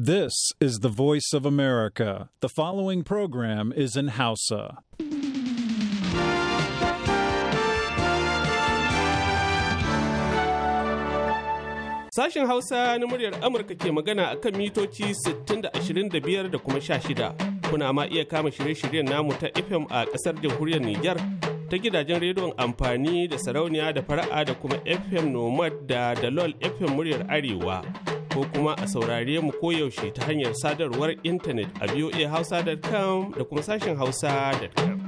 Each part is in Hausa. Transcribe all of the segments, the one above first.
This is the voice of America. The following program is in Hausa. Sashen Hausa na muryar Amurka ke magana a kan mitoci 60 da 25 da kuma 16. Kuna ma iya kama shirye-shiryen namu ta FM a ƙasar jamhuriyar Nijar ta gidajen rediyon amfani da sarauniya da fara'a da kuma FM Nomad da Dalol FM muryar Arewa. ko kuma a saurare mu koyaushe ta hanyar sadarwar intanet a voahausa.com da kuma sashen hausa.com.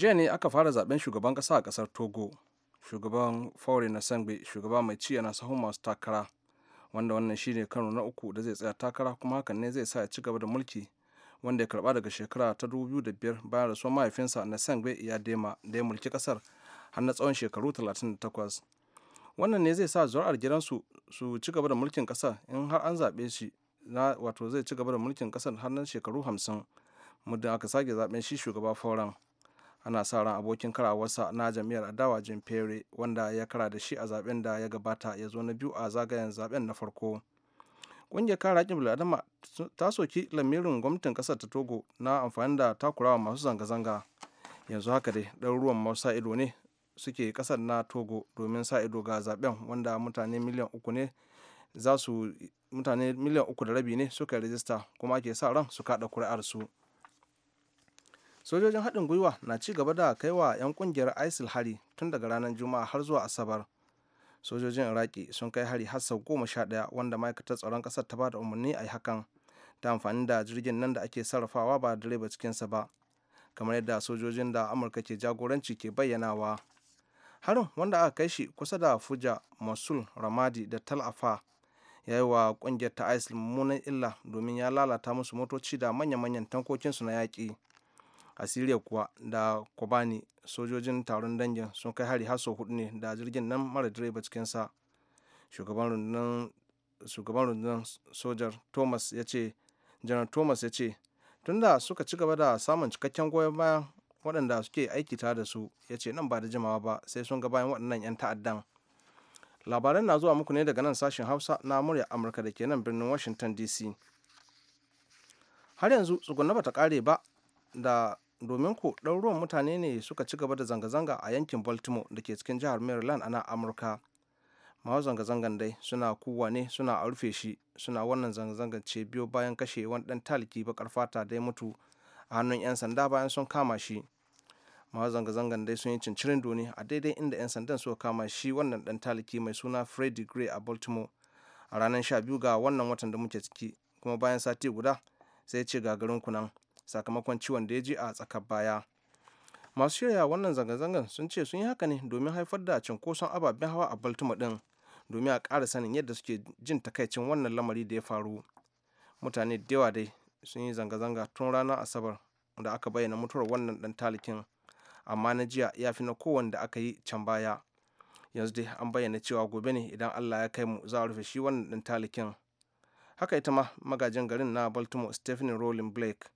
jiya ne aka fara zaben shugaban kasa a kasar togo shugaban faure na sangbe shugaba mai ci yana sahun masu takara wanda wannan shine kano na uku da zai tsaya takara kuma hakan ne zai sa ya ci gaba da mulki wanda ya karba daga shekara ta biyar bayan rasuwar mahaifinsa na sangbe ya dema da ya mulki kasar har na tsawon shekaru 38 wannan ne zai sa zuwar gidansu su ci gaba da mulkin kasar in har an zaɓe shi na wato zai ci gaba da mulkin kasar har na shekaru 50 muddin aka sake zaɓen shi shugaba fauran ana sa ran abokin karawarsa na jam'iyyar adawa jim fere wanda ya kara da shi a zaben da ya gabata ya zo na biyu a zagayen zaben na farko ƙungiyar kare haƙƙin bil'adama ta soki lamirin gwamnatin ƙasar ta togo na amfani da takurawa masu zanga-zanga yanzu haka dai ɗaruruwan masu ido ne suke ƙasar na togo domin sa ido ga zaben wanda mutane miliyan uku ne za su mutane miliyan uku da rabi ne suka rijista kuma ake sa ran su kaɗa ƙuri'arsu. su sojojin haɗin gwiwa na ci gaba da kai wa 'yan ƙungiyar isil hari tun daga ranar juma'a har zuwa asabar sojojin iraki sun kai hari har sau goma sha ɗaya wanda ma'aikatar tsaron ƙasar ta ba da umarni a yi hakan ta amfani da jirgin nan da ake sarrafawa ba direba cikinsa ba kamar yadda sojojin da amurka ke jagoranci ke bayyanawa harin wanda aka kai shi kusa da fuja masul ramadi da tal afa ya yi wa kungiyar ta isil mummunan illa domin ya lalata musu motoci da manya-manyan tankokinsu na yaƙi a siriya kuwa da kobani sojojin taron dangin sun kai hari har sau hudu ne da jirgin nan mara direba cikinsa shugaban rundunar sojar thomas ya ce janar thomas ya ce tunda suka ci gaba da samun cikakken goyon bayan waɗanda suke aiki tare da su ya ce nan ba da jimawa ba sai sun ga bayan waɗannan 'yan ta'addan labaran na zuwa muku ne daga nan sashen hausa na murya amurka da ke nan birnin washington dc har yanzu tsugunna ta kare ba da domin ku ɗauruwan mutane ne suka ci gaba da zanga-zanga a yankin baltimore da ke cikin jihar maryland a amurka masu zanga-zangan dai suna kuwa ne suna a rufe shi suna wannan zanga-zangan ce biyo bayan kashe wani ɗan taliki bakar fata da ya mutu a hannun 'yan sanda bayan sun kama shi masu zanga-zangan dai sun yi cincirin doni a daidai inda 'yan sandan suka kama shi wannan ɗan taliki mai suna freddy gray a baltimore a ranar 12 ga wannan watan da muke ciki kuma bayan sati guda sai ce gagarin kunan sakamakon ciwon da ya ji a tsakar baya masu shirya wannan zanga-zangar sun ce sun yi haka ne domin haifar da cinkoson ababen hawa a baltimore din domin a ƙara sanin yadda suke jin takaicin wannan lamari da ya faru mutane da yawa dai sun yi zanga-zanga tun ranar asabar da aka bayyana mutuwar wannan dan talikin amma na jiya ya fi na kowanne da aka yi can baya yanzu dai an bayyana cewa gobe ne idan allah ya kai mu za a rufe shi wannan dan talikin haka ita ma magajin garin na baltimore stephen rowling blake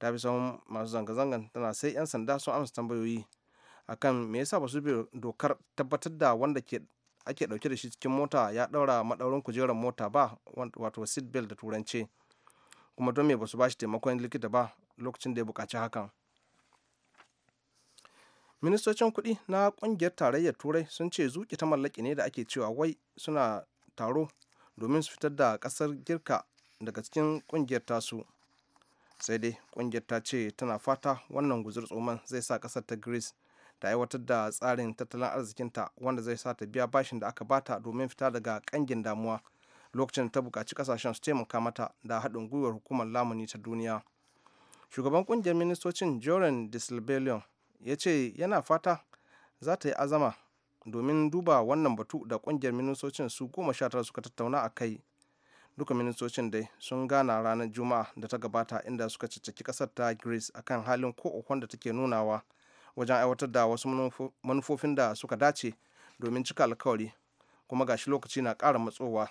ta fi sahun masu zanga-zangan tana sai 'yan sanda sun amsa tambayoyi akan me yasa ba su bi dokar tabbatar da wanda ke ake dauke da shi cikin mota ya daura madaurin kujerar mota ba wato seat belt da turanci kuma don me ba su ba shi taimakon likita ba lokacin da ya bukaci hakan ministocin kuɗi na ƙungiyar tarayyar turai sun ce zuƙi ta mallaki ne da ake cewa wai suna taro domin su fitar da ƙasar girka daga cikin ƙungiyar tasu sai dai kungiyar ta ce tana fata wannan guzur tsoman zai sa kasar ta greece ta aiwatar da tsarin tattalin arzikinta wanda zai sa ta biya bashin da aka bata domin fita daga kangin damuwa lokacin da ta bukaci kasashen su taimaka mata da haɗin gwiwar hukumar lamuni ta duniya shugaban kungiyar ministocin joran disilbelion ya ce yana fata za ta yi azama domin duba wannan batu da kungiyar ministocin su goma sha tara suka tattauna a kai duka ministocin dai sun gana ranar juma'a da ta gabata inda suka cicciki kasar ta greece akan halin ko wanda take nunawa wajen aiwatar da wasu manufofin da suka dace domin cika alkawari kuma gashi lokaci na ƙara matsowa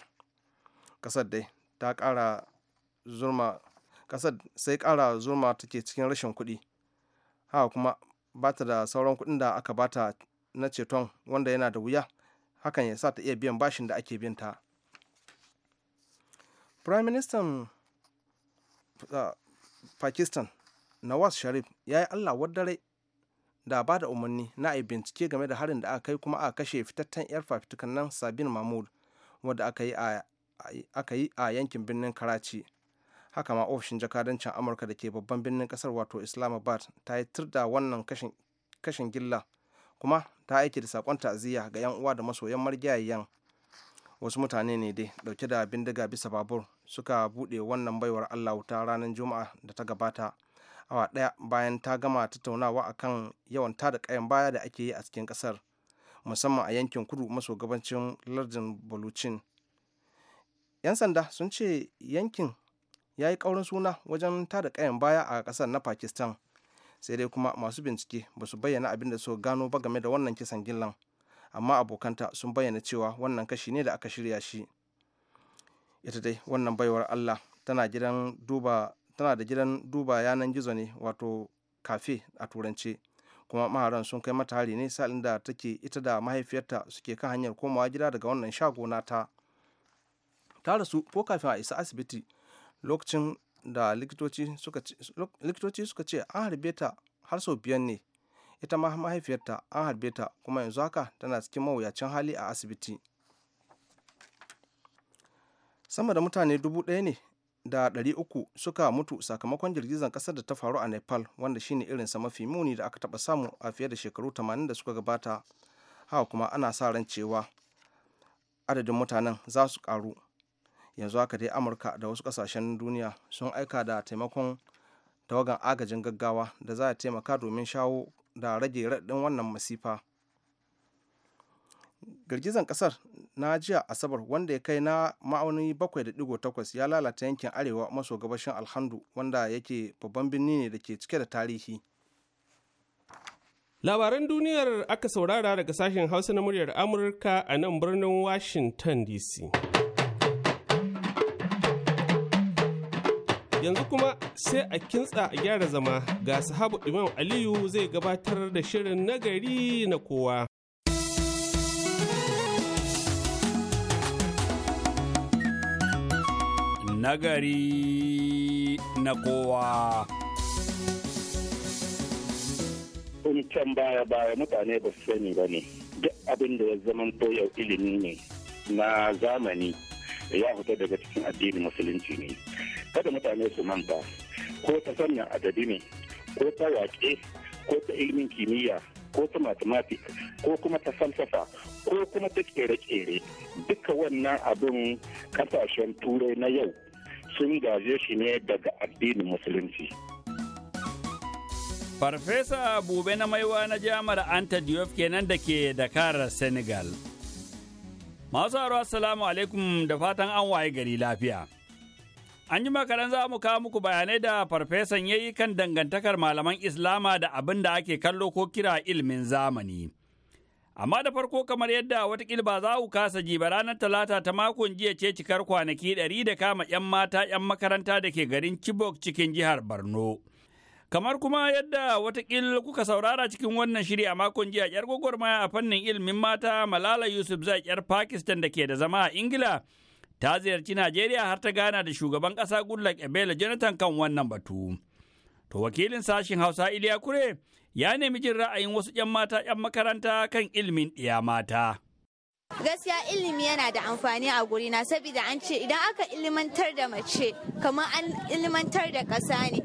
kasar dai ta ƙara zurma kasar sai ƙara zurma take cikin rashin kuɗi haka kuma ba ta da sauran kuɗin da aka bata na ceton wanda yana da wuya hakan ya sa ta iya biyan bashin da ake binta. ta prime minister Firaministan ah, Pakistan Nawaz Sharif ya yi Allah dare da ba da umarni na a bincike game da harin da aka kai kuma aka kashe fitattun 'yar fafitukan nan Sabin Mahmud wadda aka yi a yankin birnin Karachi. Haka ma ofishin jakadancin Amurka da ke babban birnin kasar wato Islamabad ta yi tur da wannan kashin gilla kuma ta aiki da saƙon ta'aziyya ga 'yan uwa da masoyan marigayayyan wasu mutane ne dai dauke da bindiga bisa babur suka bude wannan baiwar allah wuta ranar juma'a da ta gabata awa daya bayan ta gama tattaunawa a kan yawan tada kayan baya da ake yi a cikin ƙasar musamman a yankin kudu maso gabancin lardin boluchin yan sanda sun ce yankin ya yi kaurin suna wajen tada kayan baya a ƙasar na pakistan sai dai kuma masu bincike ba su bayyana abin da su gano ba game da wannan kisan gillan amma abokanta sun bayyana cewa wannan kashi ne da aka shirya shi ita dai wannan baiwar allah tana gidan duba tana da gidan duba yanan gizo ne wato kafe a turance kuma maharan sun kai mata hari ne sa'in da take ita da mahaifiyarta suke kan hanyar komawa gida daga wannan shago nata ta rasu ko kafin a isa asibiti lokacin da likitoci suka ce an harbe ta har sau biyan ne ita ma mahaifiyarta an harbe ta kuma yanzu haka tana cikin mawuyacin hali a asibiti sama da mutane dubu ɗaya ne da ɗari uku suka mutu sakamakon girgizar ƙasar da ta faru a nepal wanda shine irinsa mafi muni da aka taɓa samu a fiye da shekaru tamanin da suka gabata haka kuma ana sa ran cewa adadin mutanen za su ƙaru yanzu haka dai amurka da wasu ƙasashen duniya sun aika da taimakon tawagan agajin gaggawa da za a taimaka domin shawo da rage raɗin wannan masifa girgizan ƙasar na jiya asabar wanda ya kai na ma'auni da 7.8 ya lalata yankin arewa maso gabashin alhandu wanda yake babban birni ne da ke cike da tarihi labaran duniyar aka saurara daga sashen hausa na muryar amurka a nan birnin washington dc Yanzu kuma sai a kintsa a gyara zama ga sahabu Imam Aliyu zai gabatar da shirin nagari na kowa. Nagari na kowa. Kun can baya baya mutane ba su sani ba ne, duk abin da ya zaman yau ilimi ne na zamani ya fita daga cikin addinin musulunci ne. kada mutane su manta ko ta fannin adadi ne ko ta waƙe ko ta ilimin kimiyya ko ta matematik, ko kuma ta falsafa ko kuma ta kere-kere duka wannan abin kasashen turai na yau sun gaje shi ne daga addinin musulunci. Farfesa Bube na maiwa na jamar Anta Diop kenan da ke Dakar, Senegal. Masu haro assalamu alaikum da fatan an waye gari lafiya. An yi makaran za mu kawo muku bayanai da farfesan ya yi kan dangantakar malaman Islama da abin da ake kallo ko kira ilmin zamani. Amma da farko kamar yadda watakila ba za ku kasa ji ba ranar talata ta makon jiya ce cikar kwanaki ɗari da kama 'yan mata 'yan makaranta da ke garin Chibok cikin jihar Borno. Kamar kuma yadda watakila kuka saurara cikin wannan shiri a makon jiya 'yar gwagwarmaya a fannin ilimin mata Malala Yusuf Zai 'yar Pakistan da ke da zama a Ingila. ta ziyarci Najeriya har ta gana da shugaban ƙasa Goodluck Ebele Jonathan kan wannan batu. To wakilin sashen Hausa Iliya Kure ya nemi jin ra'ayin wasu 'yan mata 'yan makaranta kan ilimin ɗiya mata. gaskiya ilimi yana da amfani a gurina saboda an ce idan aka ilimantar da mace kamar an ilimantar da ƙasa ne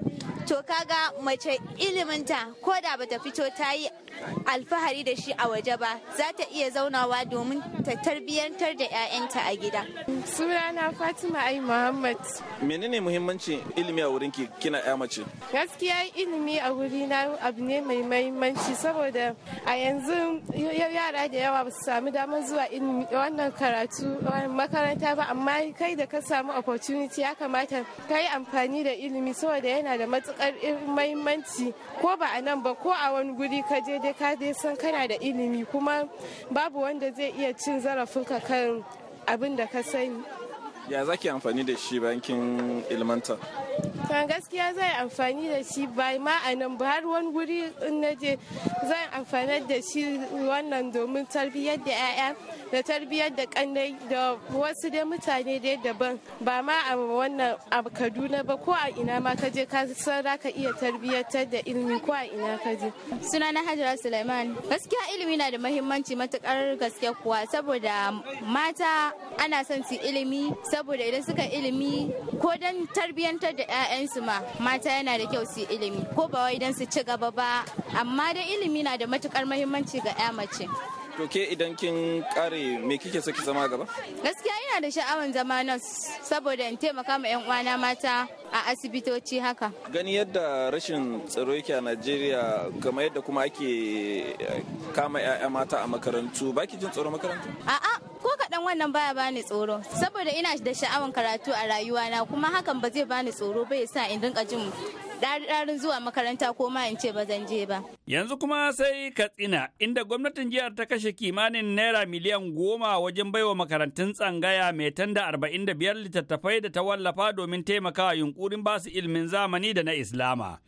to kaga mace iliminta ko da bata fito ta yi alfahari da shi a waje ba za ta iya zaunawa domin ta tarbiyyantar da 'ya'yanta a gida. sunana fatima ai muhammad menene muhimmancin ilimi a wurinki kina 'ya mace gaskiya ilimi a wuri na abu ne mai muhimmanci saboda a yanzu yara da yawa ba su samu damar zuwa ilimi wannan karatu makaranta ba amma kai da ka samu opportunity ya kamata ka yi amfani da ilimi saboda yana da matuƙar mahimmanci ko ba a nan ba ko a wani guri ka je dai ka dai san kana da ilimi kuma babu wanda zai iya cin zarafinka kan abin da ka sani ya za ki amfani da shi bayan kin ilmanta kan gaskiya zai amfani da shi ba ma a nan ba har wani guri in na je zan amfani da shi wannan domin tarbiyyar da 'ya'ya da tarbiyyar da kanai da wasu dai mutane dai daban ba ma a wannan a kaduna ba ko a ina ma ka je ka san za ka iya tarbiyyatar da ilimi ko a ina ka je suna na hajara suleiman gaskiya ilimi na da mahimmanci matukar gaske kuwa saboda mata ana son su ilimi saboda idan suka ilimi ko don tarbiyyantar da 'ya'yansu ma mata yana da kyau su ilimi ko ba wai don su ci gaba ba amma dai ilimi na da matukar mahimmanci ga 'ya mace To ke idan kin kare me kike so ki zama gaba? Gaskiya ina da sha'awar zama nurse saboda in taimaka ma 'yan uwana mata a asibitoci haka. Gani yadda rashin tsaro yake a Najeriya game yadda kuma ake eh, kama 'ya'ya mata a makarantu baki jin tsoro makarantu? A'a ko kaɗan wannan baya bani tsoro saboda ina da sha'awar karatu a rayuwana kuma hakan ba zai bani tsoro ba ya sa in rinka jin ɗarin zuwa makaranta ko ma in ce ba zan je ba. Yanzu kuma sai Katsina inda gwamnatin jihar ta kashe kimanin naira miliyan goma wajen baiwa makarantun tsangaya mai tanda arba'in da biyar littattafai da ta wallafa domin taimakawa yunkurin basu ilimin zamani da na Islama.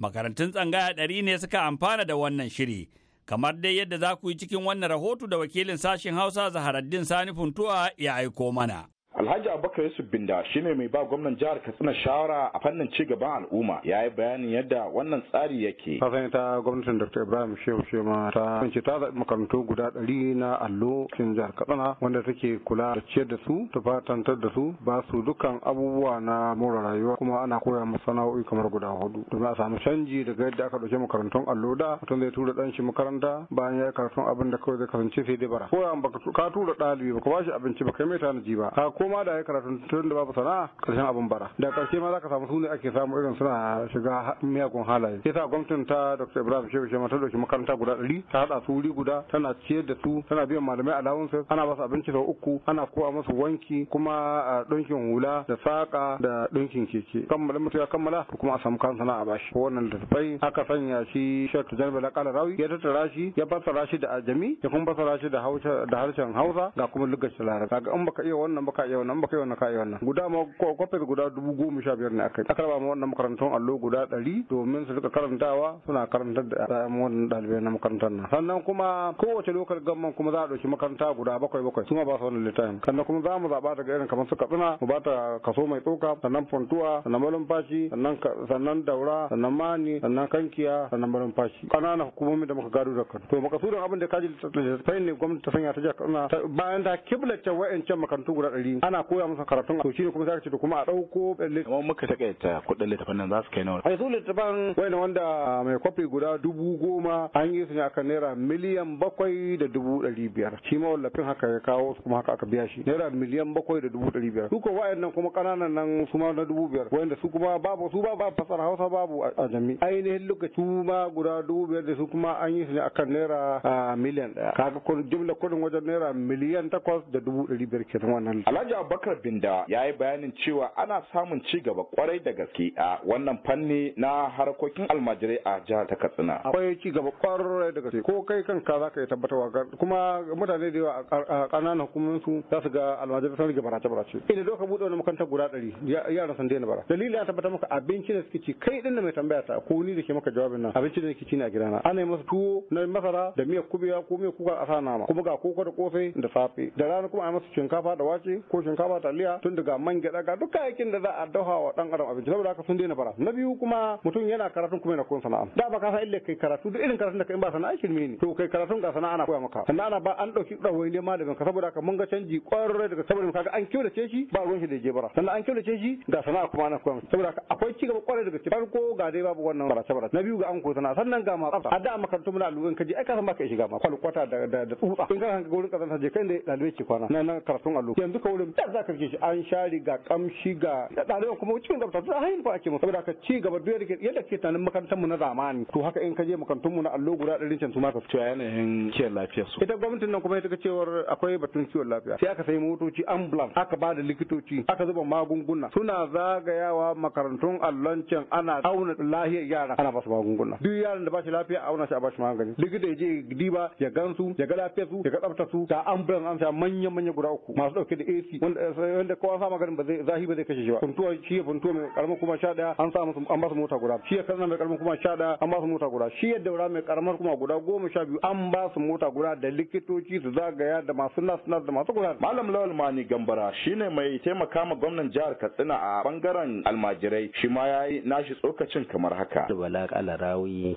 Makarantun tsangaya ɗari ne suka amfana da wannan shiri. Kamar dai yadda za ku yi cikin wannan rahoto da wakilin sashen Hausa Zaharaddin Sani Funtuwa ya aiko mana. Alhaji Abubakar Yusuf Binda shine mai ba gwamnan jihar Katsina shawara a fannin ci gaban al'umma. Ya yi bayanin yadda wannan tsari yake. Ta sani ta gwamnatin Dr. Ibrahim Shehu Shema ta kunce ta zaɓi makarantu guda ɗari na allo cikin jihar Katsina wanda take kula da ciyar da su, ta tufatantar da su, ba su dukkan abubuwa na more rayuwa kuma ana koya musu sana'o'i kamar guda hudu. Domin a samu canji daga yadda aka ɗauke makarantun allo da mutum zai tura ɗan shi makaranta bayan ya yi karatun abin da kawai zai kasance sai dai bara. Koya ka tura ɗalibi ba ka ba shi abinci ba kai mai tanaji ba. ko ma da ya karatu tun da babu sana'a karshen abin bara da karshe ma zaka samu sune ake samu irin suna shiga miyagun halaye sa gwamnatin ta Dr. Ibrahim Shehu Shema ta dauki makaranta guda ɗari ta haɗa su wuri guda tana ciyar da su tana biyan malamai alawunsa ana su abinci sau uku ana kowa musu wanki kuma a ɗinkin hula da saƙa da ɗinkin keke kammala mutu ya kammala kuma a samu kan sana'a bashi wannan da aka sanya shi Sheikh Janbal Kala Rawi ya tattara shi ya fassara shi da ajami ya kuma fassara shi da harshen Hausa ga kuma lugar shi Larabci kaga in baka iya wannan baka iya wannan baka yi wannan ka iya wannan guda ma ko kwafis guda dubu goma sha biyar ne akai aka raba ma wannan makarantun allo guda ɗari domin su rika karantawa suna karantar da ɗayan wannan ɗalibai na makarantar nan sannan kuma kowace lokal gamman kuma za a ɗauki makaranta guda bakwai bakwai su ba su wannan littafin sannan kuma za mu zaɓa daga irin kamar su katsina mu ba ta kaso mai tsoka sannan fontuwa sannan malumfashi sannan sannan daura sannan mani sannan kankiya sannan malumfashi ƙananan hukumomi da muka gado da kan to makasudin abin da kaji littattafai ne gwamnati ta sanya ta jiya katsina bayan ta kiblace wa'ancan makarantu guda ɗari ana koya masa karatun to shine kuma zaka ce to kuma a dauko kamar muka takaita kudin littafin nan za su kai nawa ai su littafin wani wanda mai kwafi guda dubu goma an yi su ne akan naira miliyan bakwai da dubu dari biyar shi ma wallafin haka ya kawo su kuma haka aka biya shi naira miliyan bakwai da dubu dari biyar su ko wa'annan kuma kananan nan su ma na dubu biyar wa'anda su kuma babu su ba babu fasar hausa babu a jami ainihin lokaci ma guda dubu biyar da su kuma an yi su ne akan naira miliyan daya kaga jimla kudin wajen naira miliyan takwas da dubu dari biyar kenan wannan alhaji Alhaji Abubakar Binda ya yi bayanin cewa ana samun ci gaba kwarai da gaske a wannan fanni na harkokin almajirai a jihar ta Katsina. Akwai ci gaba kwarai da gaske ko kai kanka za ka yi tabbatarwa kuma mutane da yawa a ƙananan hukumomin su za su ga almajirai sun riga barace barace. Ina doka buɗe wani makarantar guda ɗari yaran sun daina bara. Dalili ya tabbatar maka abinci da suke ci kai ɗin da mai tambaya ta ko ni da ke maka jawabin nan abincin da suke ci na gidana. Ana yi masa tuwo na masara da miyar kubewa ko miyar kuka a sa nama kuma ga koko da kofi da safe da rana kuma a yi masa shinkafa da wake ko shinkafa taliya tun daga man gyada ga duka kayayyakin da za a dafa wa dan adam abinci saboda haka sun daina bara na biyu kuma mutum yana karatu kuma yana koyon sana'a da ba ka san illa kai karatu duk irin karatun da kai ba sana'a shirme ne to kai karatun ga sana'a ana koya maka sannan ana ba an dauki dawo ne malamin ka saboda haka mun ga canji kwarai daga saboda kaga an kiyo killace shi ba ruwan shi da je bara sannan an kiyo killace shi ga sana'a kuma ana koya saboda haka akwai ci gaba kwarai daga cikin farko ga dai babu wannan barace barace na biyu ga an koyi sana'a sannan ga ma tsafta a da makarantu muna alluran kaji ai ka san baka shiga ma kwalkwata da da tsutsa in ka ga gurin kazanta je kai ne dalibai ce kwana na karatun allo yanzu ka wurin da za ka shi an share ga kamshi ga ɗaliban kuma cikin da ta hanyar fa ake musu saboda ka ci gaba duk yadda ke tunanin makarantar mu na zamani to haka in ka je makarantun mu na allo guda ɗari can su ma ka cewa yanayin kiwon lafiya su ita gwamnatin nan kuma ita cewar akwai batun kiwon lafiya sai aka sai motoci ambulance aka ba da likitoci aka zuba magunguna suna zagayawa makarantun allancin ana auna lahiyar yara ana ba su magunguna duk yaran da ba shi lafiya auna shi a ba shi magani likita ya je diba ya gansu ya ga lafiyar su ya ga tsabtar su da ambulance an sa manyan manyan guda uku masu dauke da AC Eh, wanda ko an sa maganin ba zai zahi ba zai kashe shi ba kuntuwa shi ya kuntuwa mai karamar kuma sha daya an sa musu an ba su mota guda shi ya katsina mai karamar kuma sha daya an ba su mota guda shi ya daura mai karamar kuma guda goma sha biyu an ba su mota guda da likitoci su zagaya da masu nas nas da masu guda malam lawal mani gambara shine mai taimaka ma gwamnan jihar katsina a bangaren almajirai shi ma ya yi nashi tsokacin kamar haka da bala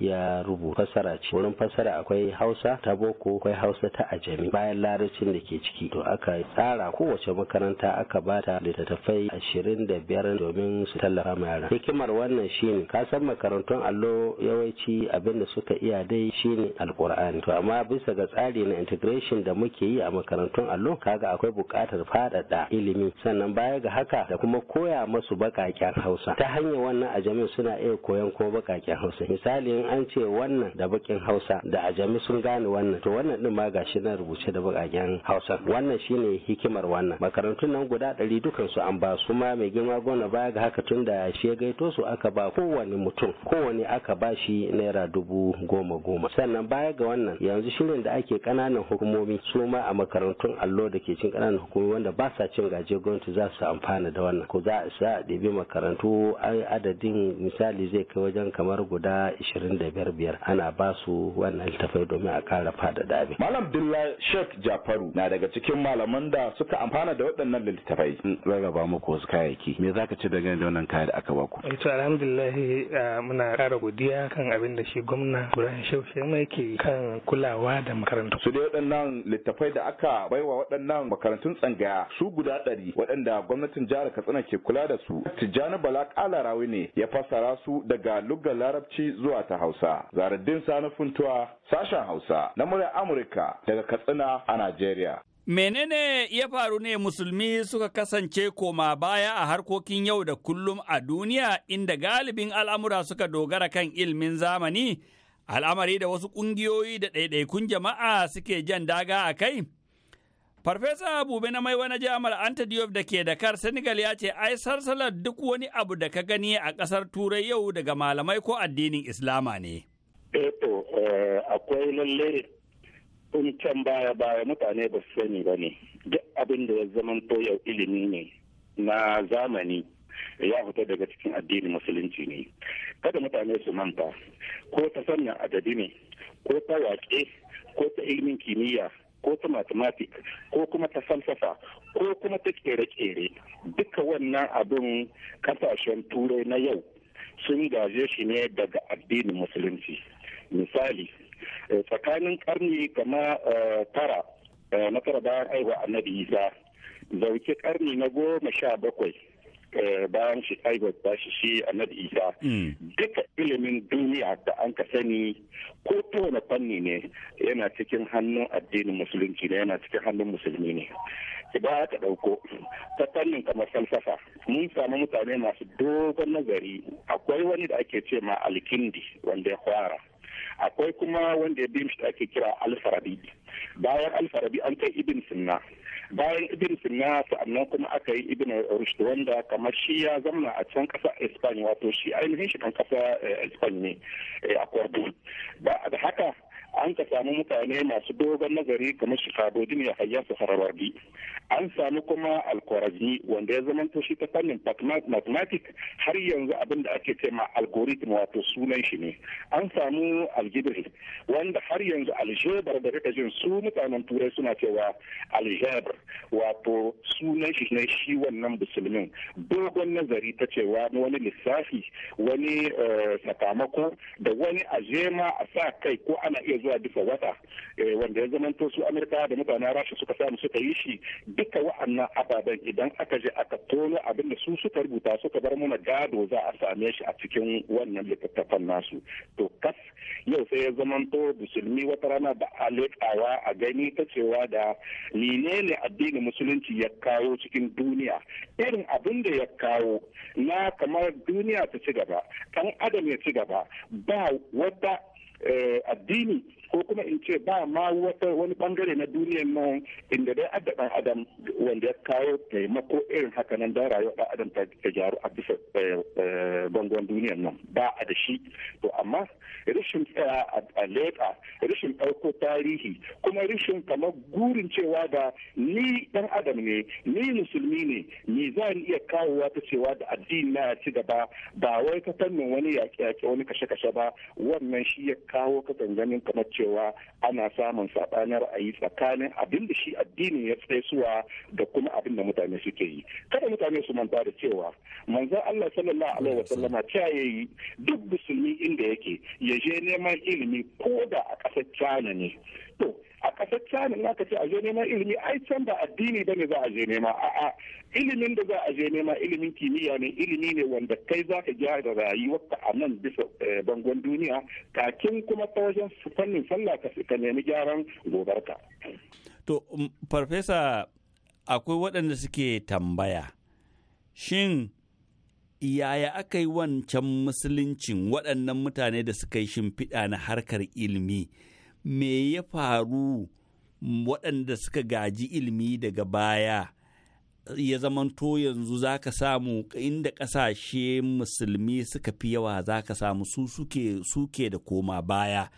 ya rubuta fassara ce wurin fassara akwai hausa ta boko akwai hausa ta ajami bayan larabcin da ke ciki to aka tsara kowace makaranta aka bata littattafai ashirin da biyar domin su tallafa ma yara hikimar wannan shine ka san makarantun allo yawanci abin da suka iya dai shine alkur'ani to amma bisa ga tsari na integration da muke yi a makarantun allo kaga akwai buƙatar faɗaɗa ilimi sannan baya ga haka da kuma koya masu baƙaƙen hausa ta hanyar wannan ajami suna iya koyan ko baƙaƙen hausa misali in an ce wannan da baƙin hausa da ajami sun gane wannan to wannan din ma gashi na rubuce da baƙaƙen hausa wannan shine hikimar wannan makarantun nan guda ɗari dukan su an ba su ma mai girma gwamna baya ga haka tun da shi ya gaito su aka ba kowane mutum kowane aka ba shi naira dubu goma goma sannan baya ga wannan yanzu shirin da ake ƙananan hukumomi su ma a makarantun allo da ke cin ƙananan hukumomi wanda ba sa cin gaje gwamnati za su amfana da wannan ko za a ɗebi makarantu adadin misali zai kai wajen kamar guda ishirin da biyar biyar ana ba su wannan littafai domin a ƙara fada dabi Malam Abdullahi Sheikh Jafaru na daga cikin malaman da suka amfana da da waɗannan littattafai rarraba muku wasu kayayyaki me za ka ci daga da wannan kaya da aka baku eh, to alhamdulillah eh, muna ƙara godiya kan abin da shi gwamna Ibrahim Shehu Shema yake kan kulawa da makarantu su da waɗannan littattafai da aka baiwa waɗannan makarantun tsangaya su guda ɗari waɗanda gwamnatin jihar Katsina ke kula da su Tijjani Bala Kalarawi ne ya fassara su daga lugar Larabci zuwa ta Hausa Zaradin Sani Funtuwa sashen Hausa na murya Amurka daga Katsina a Najeriya Menene ya faru ne musulmi suka kasance koma baya a harkokin yau da kullum a duniya inda galibin al'amura suka dogara kan ilmin zamani, al'amari da wasu ƙungiyoyi da ɗaiɗaikun jama'a suke jan daga a kai? Farfesa Abube na mai na jami'ar Anta Diop da ke Dakar Senegal ya ce ai sarsalar duk wani abu da ka gani a ƙasar Turai yau daga malamai ko addinin Islama ne. Eto eh eh, akwai lalle in can baya baya mutane ba su sani ba ne duk abin da ya to yau ilimi ne na zamani ya fita daga cikin addinin musulunci ne kada mutane su manta ko ta sannan adadi ne ko ta waƙe ko ta ilimin kimiyya ko ta mathematic ko kuma ta falsafa ko kuma ta kere-kere duka wannan abin kasashen turai na yau sun gaje shi ne daga addinin musulunci misali Eh, tsakanin karni kama eh, tara eh, na tara bayan aiwa annabi isa zauke karni na goma sha bakwai bayan shi aiwa ba shi annabi isa hmm. duka ilimin duniya da an ka sani ko ta wani fanni ne yana cikin hannun addinin musulunci ne yana cikin hannun musulmi ne ba ka ɗauko ta fannin kamar falsafa mun samu mutane masu dogon nazari akwai wani da ake ce ma alkindi wanda ya fara akwai kuma wanda ya bi shi ake kira alfarabi bayan alfarabi an kai ibn sinna bayan ibn sinna sa'annan kuma aka yi ibn rushd wanda kamar shi ya zama a can kasa espanya wato shi ainihin shi kan kasa eh, espanya ne eh, a da haka an ka samu mutane masu dogon nazari kamar shi fadodin ya hayyasu harabardi an samu kuma alkorazi wanda ya zama to shi ta fannin mathematics har yanzu abin da ake cema ma algorithm wato sunan shi ne an samu algebra wanda har yanzu algebra da kaka jin su mutanen turai suna cewa algebra wato sunan shi ne shi wannan musulmin dogon nazari ta cewa wani lissafi wani eh, sakamako da wani ajema a sa kai ko ana iya zuwa duka wata eh, wanda ya zamanto su amurka da mutanen rasha suka samu suka yi shi duka wa'annan ababen idan aka je aka tono abin da su suka rubuta suka bar mana gado za a same shi a cikin wannan littattafan nasu to kas yau sai ya zamanto musulmi wata rana da alekawa a gani ta cewa da menene addinin musulunci ya kawo cikin duniya irin abin da ya kawo na kamar duniya ta ci gaba ɗan adam ya ci gaba ba wata Eh, addini ko kuma in ce ba ma wata wani bangare na duniyar nan inda dai adda adam wanda ya kawo taimako irin haka nan don rayuwar dan adam ta gyaru a bisa eh, eh, bangon duniyar nan ba a da shi to amma rashin tsaya eh, a leƙa rashin ɗauko tarihi kuma rashin kamar gurin cewa da ni ɗan adam ne ni musulmi ne ni za ni iya kawowa ta cewa da addini na ci gaba ba wai ka fannin wani yaƙe ke wani kashe-kashe ba wannan shi ya kawo ka ganganin kamar cewa ana samun saɓanin ra'ayi tsakanin abin da shi addini ya suwa da kuma abin da mutane suke yi kada mutane su manta da cewa manzon Allah sallallahu alaihi wasallama ta yayi duk musulmi inda yake ya ya je neman ilimi ko da a ƙasar China ne. To, a ƙasar China na ce a je neman ilimi ai can ba addini ba ne za a je nema a'a ilimin da za a je nema ilimin kimiyya ne ilimi ne wanda kai za ka gyara rayuwarka a nan bisa eh, bangon duniya kakin kuma ta wajen fannin sallah ka nemi gyaran gobarka. To, mm, farfesa akwai waɗanda suke tambaya. Shin yaya aka yi wancan musuluncin waɗannan mutane da suka yi shimfiɗa na harkar ilmi me ya faru waɗanda suka gaji ilmi daga baya ya zamanto yanzu za ka samu inda ƙasashe musulmi suka fi yawa za ka samu su suke suke da koma baya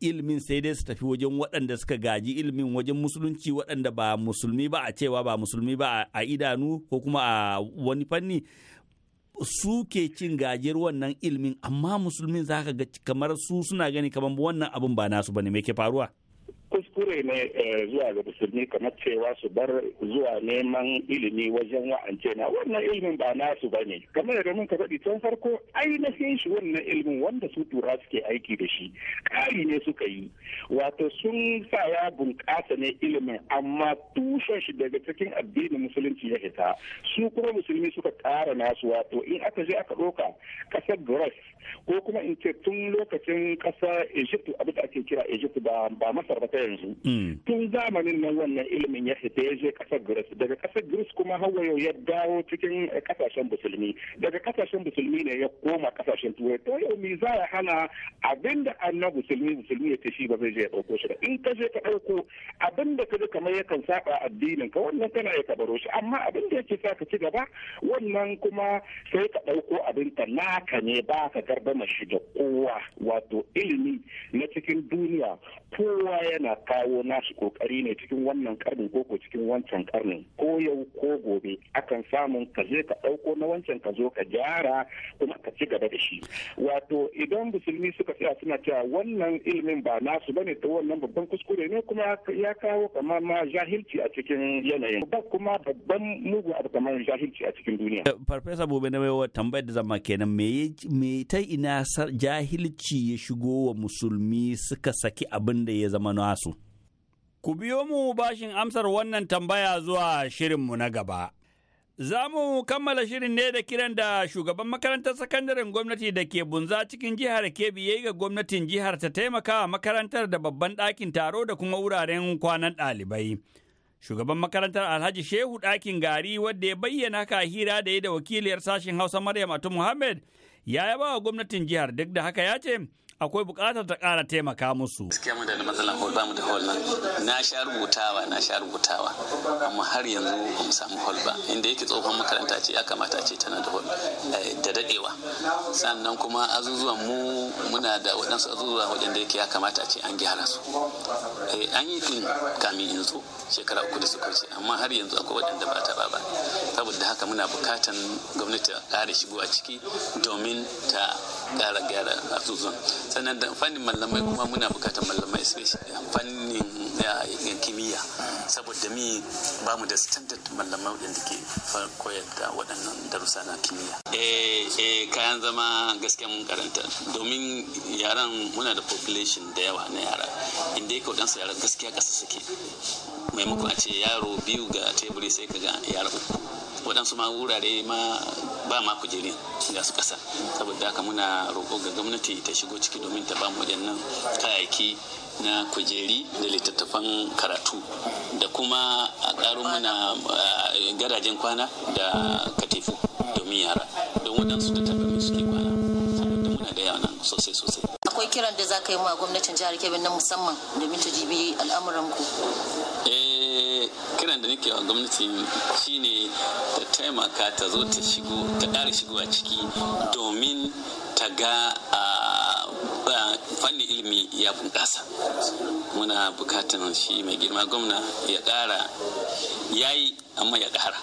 ilmin sai dai su tafi wajen waɗanda suka gaji ilmin wajen musulunci waɗanda ba musulmi ba a cewa ba musulmi ba a idanu ko kuma a wani fanni su ke cin gajiyar wannan ilimin amma musulmin za ka ga kamar su suna gani kamar wannan abin ba nasu bane me ke faruwa kuskure ne eh, zuwa ga musulmi kamar cewa su bar zuwa neman ilimi wajen wa'ance na wannan ilimin ba nasu ba ne kamar da ramin ka tun farko ainihin shi wannan ilimin wanda su tura suke aiki da shi ƙari ne suka yi wato sun sa ya bunƙasa ne ilimin amma tushen shi daga cikin addinin musulunci ya fita su kuma musulmi suka ƙara nasu wato in aka je aka ɗauka ƙasar Greece ko kuma in ce tun lokacin ƙasa Egypt abin da ake kira Egypt ba Masar ba ta yanzu mm. tun zamanin nan wannan ilimin ya fita ya je kasar Greece daga kasar Greece kuma hawa yau ya dawo cikin kasashen eh, musulmi daga kasashen musulmi ne ya koma kasashen turai to yau me za ya hana abinda annan musulmi musulmi ya ce shi ba zai je ya dauko shi in ka je ka dauko abinda ka kamar yakan saba addinin ka wannan tana ya kabaro shi amma abin da yake sa ka ci gaba wannan kuma sai ka ɗauko abin ka naka ne ba ka garba shi da kowa wato ilimi na cikin duniya kowa yana yana kawo nasu kokari ne cikin wannan karnin ko cikin wancan karnin ko yau ko gobe akan samun ka je ka ɗauko na wancan ka zo ka gyara kuma ka ci gaba da shi wato idan musulmi suka tsaya suna cewa wannan ilimin ba nasu bane ta wannan babban kuskure ne kuma ya kawo kamar ma jahilci a cikin yanayin ba kuma babban mugu abu kamar jahilci a cikin duniya eh, farfesa bobe na maiwa tambayar da zama kenan me ta ina jahilci ya shigo wa musulmi suka saki abin da ya zama na su. Ku biyo mu bashin amsar wannan tambaya zuwa shirinmu na gaba. Za mu kammala shirin ne da kiran da shugaban makarantar sakandaren gwamnati da ke bunza cikin jihar Kebbi ya ga gwamnatin jihar ta taimaka makarantar da babban ɗakin taro da kuma wuraren kwanan ɗalibai. Shugaban makarantar Alhaji Shehu ɗakin gari wadda ya bayyana ka hira da ya da wakiliyar sashen Hausa Maryam Atu Muhammad ya yaba wa gwamnatin jihar duk da haka ya ce akwai bukatar ta kara taimaka musu. Gaskiya mu da matsalan hol ba mu da hol nan. Na sha rubutawa na sha rubutawa amma har yanzu ba mu samu hol ba. Inda yake tsohon makaranta ce ya kamata ce tana da hol eh, da dadewa. Sannan kuma azuzuwan mu muna da waɗansu azuzuwa waɗanda yake ya kamata ce an gyara su. Eh, an yi din kamin yanzu shekara uku da suka wuce amma har yanzu akwai waɗanda ba ta ba. Saboda haka muna bukatan gwamnati ta ƙara shigo a ciki domin ta kara gyara asusun sannan da fannin mallamai kuma muna bukatar mallamai fannin kimiyya saboda mi ba mu da standard mallamai wadanda ke koyar da waɗannan darussa na kimiyya eh, eh kayan zama gaskiya mun karanta domin yaran muna da population da yawa na yara inda yake waɗansu yara gaskiya ƙasa suke maimakon a ce yaro biyu ga teburi sai ka ga yara uku waɗansu ma wurare ma ba ma kujerin da su ƙasa saboda haka muna roƙo ga gwamnati ta shigo ciki domin ta ba mu waɗannan kayayyaki na kujeri da littattafan karatu da kuma a ƙaro muna eh, gadajen kwana da katifu domin yara don waɗansu da tafi suke kwana saboda muna da yawan sosai sosai akwai kiran da za ka yi ma gwamnatin jihar kebbi na musamman domin ta jibi al'amuran ku eh kiran da nake wa gwamnati shine ta taimaka ta zo ta shigo ta ƙara shigo a ciki domin ta ga fannin ilimi ya bunƙasa muna bukatan shi mai girma gwamna ya ƙara yayi amma ya ƙara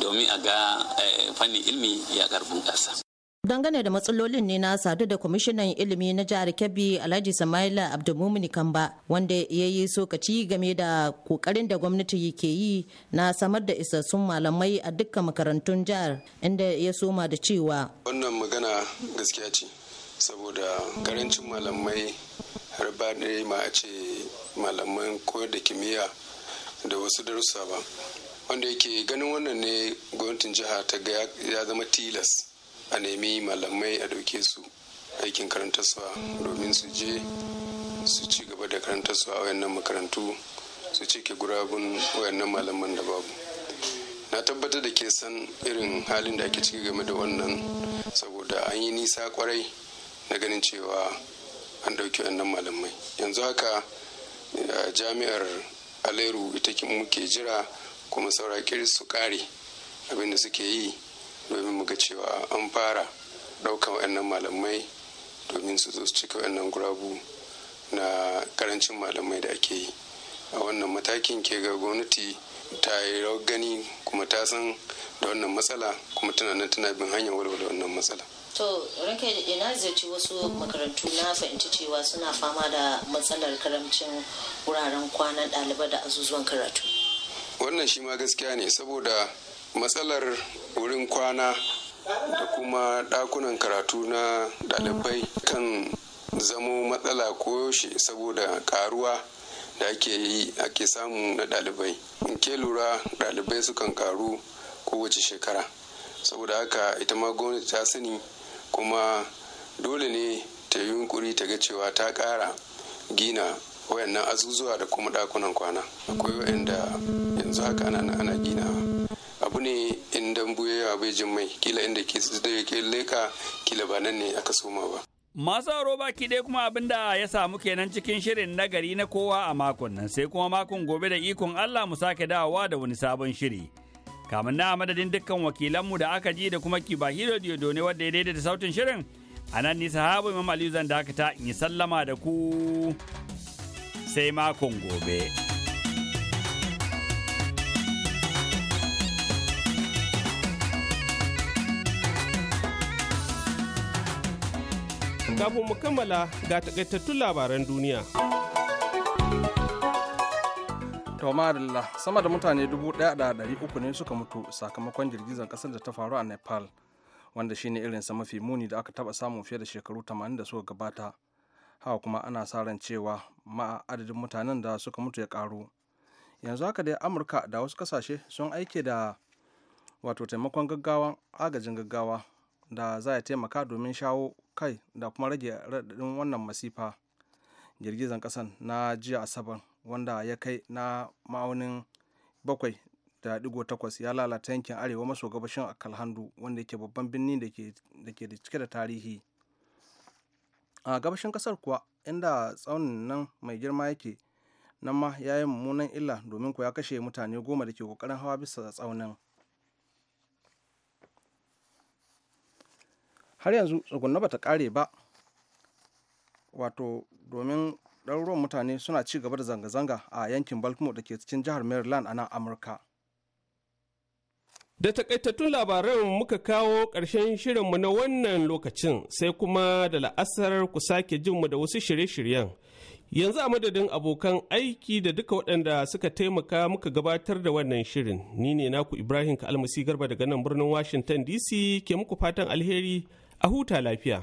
domin a ga eh, fannin ilimi ya ƙara bunƙasa. dangane da matsalolin ne na sadu da kwamishinan ilimi na jihar kebbi alhaji samaila abdulmumini kamba wanda ya yi sokaci game da kokarin da gwamnati ke yi na samar da isassun malamai a dukkan makarantun jihar inda ya soma da cewa wannan magana gaskiya ce saboda karancin malamai har ba da ma a ce malaman koyar da kimiyya da wasu darussa ba wanda yake ganin wannan ne gwamnatin jihar ta ga ya zama tilas a nemi malamai a dauke su aikin karantarsa domin su je su ci gaba da karantarsu a wayannan makarantu su cike gurabun wayannan malaman da babu na tabbatar da ke san irin halin da ake ciki game da wannan saboda an yi nisa kwarai na ganin cewa an ɗauki wayannan malamai yanzu haka jami'ar alairu ita muke jira kuma saurakir su kare abinda suke yi domin mu cewa an fara ɗaukan waannan malamai domin su zo su cika waɗannan gurabu na karancin malamai da ake yi a wannan matakin ke ga gwamnati ta yi gani kuma ta san da wannan matsala kuma tana nan tana bin hanyar walwala wannan matsala to ranke ina ziyarci wasu makarantu na fahimci cewa suna fama da matsalar karamcin wuraren kwanan ɗalibai da azuzuwan karatu wannan shi ma gaskiya ne saboda matsalar wurin kwana da kuma ɗakunan karatu na ɗalibai kan zamo matsala koyaushe saboda karuwa da ake yi ake samu na ɗalibai in ke lura ɗalibai sukan karu kowace shekara saboda haka ita ma gwamnati ta sani kuma dole ne ta yi yunkuri ta ga cewa ta ƙara gina wayannan azuzuwa da kuma ɗakunan kwana akwai wayanda yanzu haka ana gina. wani in dambu bai jin mai kila inda ke ke leka kila ba nan ne aka soma ba Masu aro baki dai kuma abin da ya samu kenan cikin shirin nagari na kowa a makon nan sai kuma makon gobe da ikon Allah mu sake dawowa da wani sabon shiri. Kamin na madadin dukkan wakilanmu da aka ji da kuma kibahiro diyo ne wadda ya daidaita sautin shirin a nan ni habu imam Aliyu zan dakata in yi sallama da ku sai makon gobe. Kafin mu kammala ga takaitattun labaran duniya. Tomarilla sama da mutane dubu da uku ne suka mutu sakamakon girgizar kasar da ta faru a Nepal, wanda shine irinsa mafi muni da aka taba samun fiye da shekaru tamanin da suka gabata. Hawa kuma ana sa ran cewa ma'a adadin mutanen da suka mutu ya karu. Yanzu haka dai Amurka da wasu kasashe sun aike da wato taimakon gaggawa agajin gaggawa da za a taimaka domin shawo kai da kuma rage raɗaɗin wannan masifa girgizan kasan na jiya asabar wanda ya kai na ma'aunin bakwai da digo takwas ya lalata yankin arewa maso gabashin kalhandu wanda yake babban birni da ke da cike da tarihi a gabashin kasar kuwa inda tsaunin nan mai girma yake nan ma ya yi mummunan illa domin ku ya kashe mutane goma da ke kokarin hawa bisa tsaunin har yanzu tsugunna ta kare ba wato domin ɗaruruwan mutane suna ci gaba da zanga-zanga a yankin baltimore da ke cikin jihar maryland a nan amurka Da takaitattun labaran muka kawo ƙarshen shirinmu na wannan lokacin sai kuma da la'asar ku sake jinmu da wasu shirye-shiryen. Yanzu a madadin abokan aiki da duka waɗanda suka taimaka muka gabatar da wannan shirin. Ni ne naku Ibrahim ka almasi Garba daga nan birnin Washington DC ke muku fatan alheri. a huta lafiya.